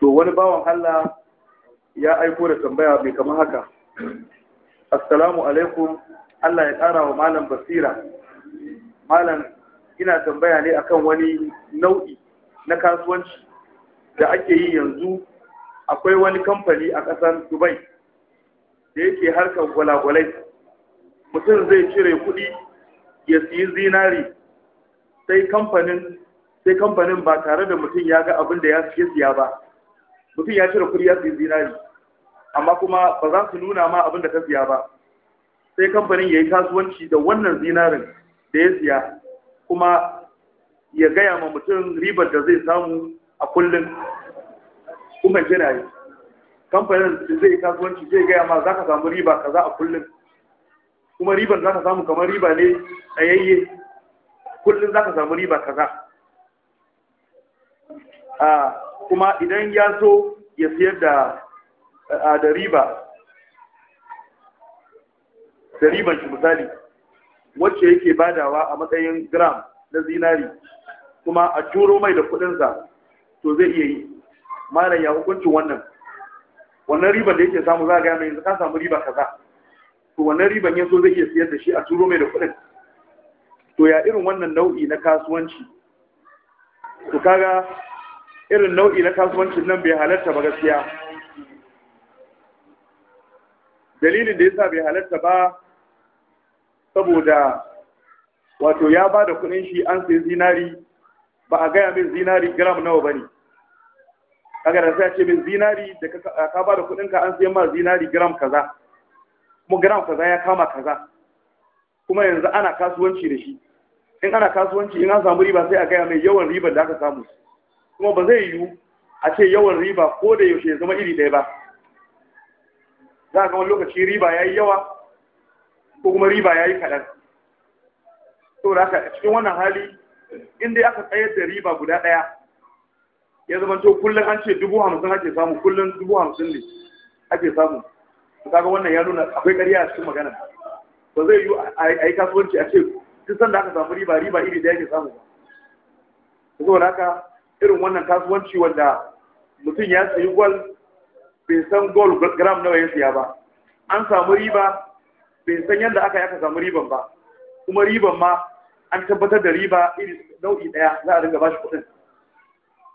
to wani bawan Allah ya aiko da tambaya mai kama haka assalamu alaikum Allah ya ƙara wa malam basira malam ina tambaya ne akan wani nau'i na kasuwanci da ake yi yanzu akwai wani kamfani a ƙasar dubai da yake harkar gwalagwalai mutum zai cire kuɗi ya siyi zinari sai kamfanin sai kamfanin ba tare da mutum ya ga abin da ya siya ba mutum ya cire kuɗi ya fi zinari amma kuma ba za su nuna ma abin da ka siya ba sai kamfanin ya yi kasuwanci da wannan zinarin da ya siya kuma ya gaya ma mutum ribar da zai samu a kullum kuma jina yi kamfanin zai yi kasuwanci zai gaya ma za ka samu riba kaza a kullum kuma ribar za ka samu kamar riba ne yayye kullum za ka samu riba kaza kuma idan ya so ya siyar da da riba da riban shi misali wacce yake badawa a matsayin gram na zinari kuma a juro mai da kudinsa to zai iya yi malam ya hukuncin wannan wannan riban da yake samu za a gane yanzu ka samu riba kaza to wannan riban so zai iya siyar da shi a turo mai da kuɗin to ya irin wannan nau'i na kasuwanci to kaga irin nau'i na kasuwancin nan bai halarta ba gaskiya dalilin da yasa bai halarta ba saboda wato ya ba da kudin shi an sai zinari ba a gaya min zinari gram nawa ba ne kaga da sai ce min zinari da ka ba da kudinka an sai ma zinari gram kaza kuma gram kaza ya kama kaza kuma yanzu ana kasuwanci da shi in ana kasuwanci in an samu riba sai a gaya mai yawan ribar da aka samu kuma ba zai yiwu a ce yawan riba ko da yaushe ya zama iri ɗaya ba za ga wani lokaci riba ya yi yawa ko kuma riba ya yi kaɗan da haka cikin wannan hali in dai aka tsayar da riba guda ɗaya ya zama to kullum an ce dubu hamsin ake samu kullum dubu hamsin ne ake samu kaga wannan ya nuna akwai ƙarya a cikin magana ba zai yi a yi kasuwanci a ce duk sanda aka samu riba riba iri ɗaya ke samu ba saboda haka irin wannan kasuwanci wanda mutum ya sayi gwal bai san gol gram nawa ya siya ba an samu riba bai san yadda aka yaka samu riban ba kuma riban ma an tabbatar da riba iri nau'i daya za a dinga bashi kuɗin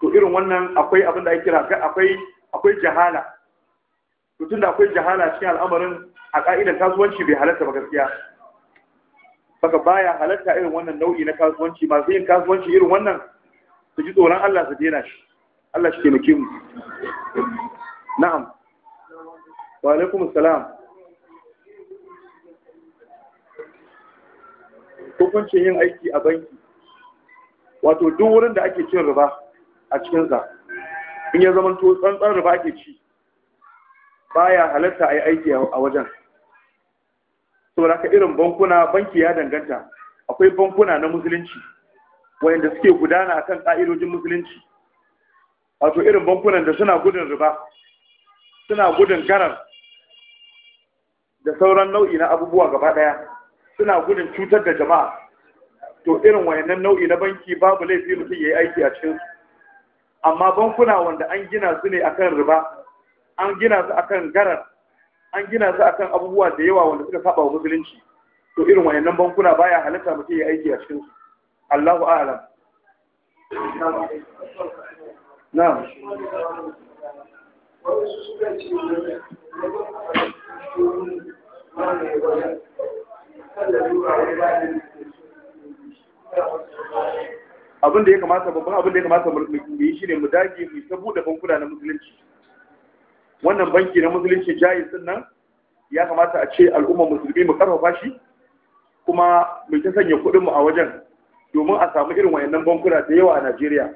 to irin wannan akwai abin da ake kira akwai akwai jahala to tunda akwai jahala cikin al'amarin a ka'idar kasuwanci bai halatta ba gaskiya baka baya halatta irin wannan nau'i na kasuwanci masu yin kasuwanci irin wannan su ji tsoron Allah su dena shi Allah shi taimake mu na'am wa alaikum salam hukuncin yin aiki a banki wato duk wurin da ake cin riba a cikinsa in ya zama to tsantsan riba ake ci baya halatta a yi aiki a wajen saboda ka irin bankuna banki ya danganta akwai bankuna na musulunci wanda suke gudana akan ƙa'idojin musulunci wato irin bankunan da suna gudun riba suna gudun garar da sauran nau'i na abubuwa gaba ɗaya suna gudun cutar da jama'a to irin wayannan nau'i na banki babu laifi mutum ya yi aiki a cikin su amma bankuna wanda an gina su ne akan riba an gina su akan garar an gina su akan abubuwa da yawa wanda suka saba wa musulunci to irin wayannan bankuna baya halitta mutum ya yi aiki a cikin su الله أعلم نعم abin da ya kamata babban abin da ya kamata mu yi shine mu dage mu ta bude bankuna na musulunci wannan banki na musulunci jayi din nan ya kamata a ce al'umma musulmi mu karfafa shi kuma mu ta sanya kuɗin mu a wajen domin a samu irin wayannan bankuna da yawa a Najeriya